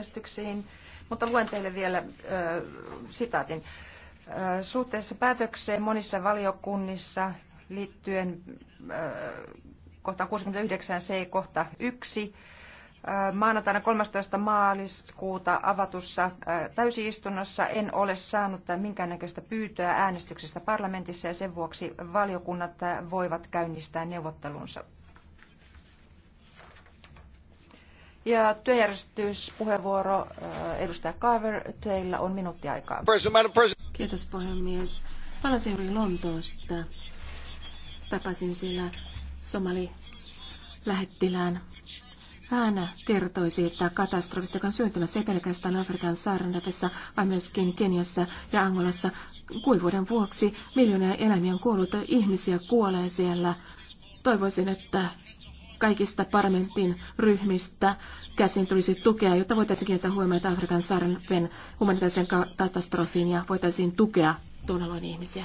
äänestyksiin, mutta luen teille vielä äh, sitaatin. Äh, suhteessa päätökseen monissa valiokunnissa liittyen äh, kohtaan 69 C kohta 1 maanantaina 13. maaliskuuta avatussa täysistunnossa en ole saanut minkäännäköistä pyytöä äänestyksestä parlamentissa ja sen vuoksi valiokunnat voivat käynnistää neuvottelunsa. Ja työjärjestyspuheenvuoro äh, edustaja Carver, teillä on minuutti aikaa. Kiitos puhemies. Palasin juuri Lontoosta. Tapasin siellä somali lähettilään. Hän kertoi siitä katastrofista, joka on syntymässä ei pelkästään Afrikan saarnatessa, vaan myöskin Keniassa ja Angolassa. Kuivuuden vuoksi miljoonia eläimiä on kuollut, ihmisiä kuolee siellä. Toivoisin, että kaikista parlamentin ryhmistä käsin tulisi tukea, jotta voitaisiin kiinnittää huomiota Afrikan sarven humanitaarisen katastrofiin ja voitaisiin tukea tuon ihmisiä.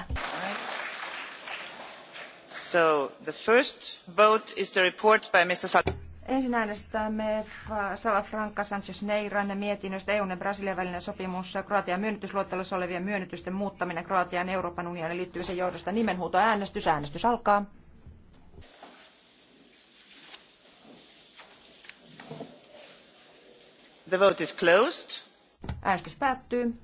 So the first vote is the report by Mr. Sal- Ensin äänestämme Salafranca Sanchez Neiran mietinnöstä EUn ja Brasilian välinen sopimus Kroatian myönnytysluottelussa olevien myönnytysten muuttaminen Kroatian Euroopan unionin liittymisen johdosta nimenhuuto äänestys. Äänestys alkaa. The vote is closed. Äänestys päättyi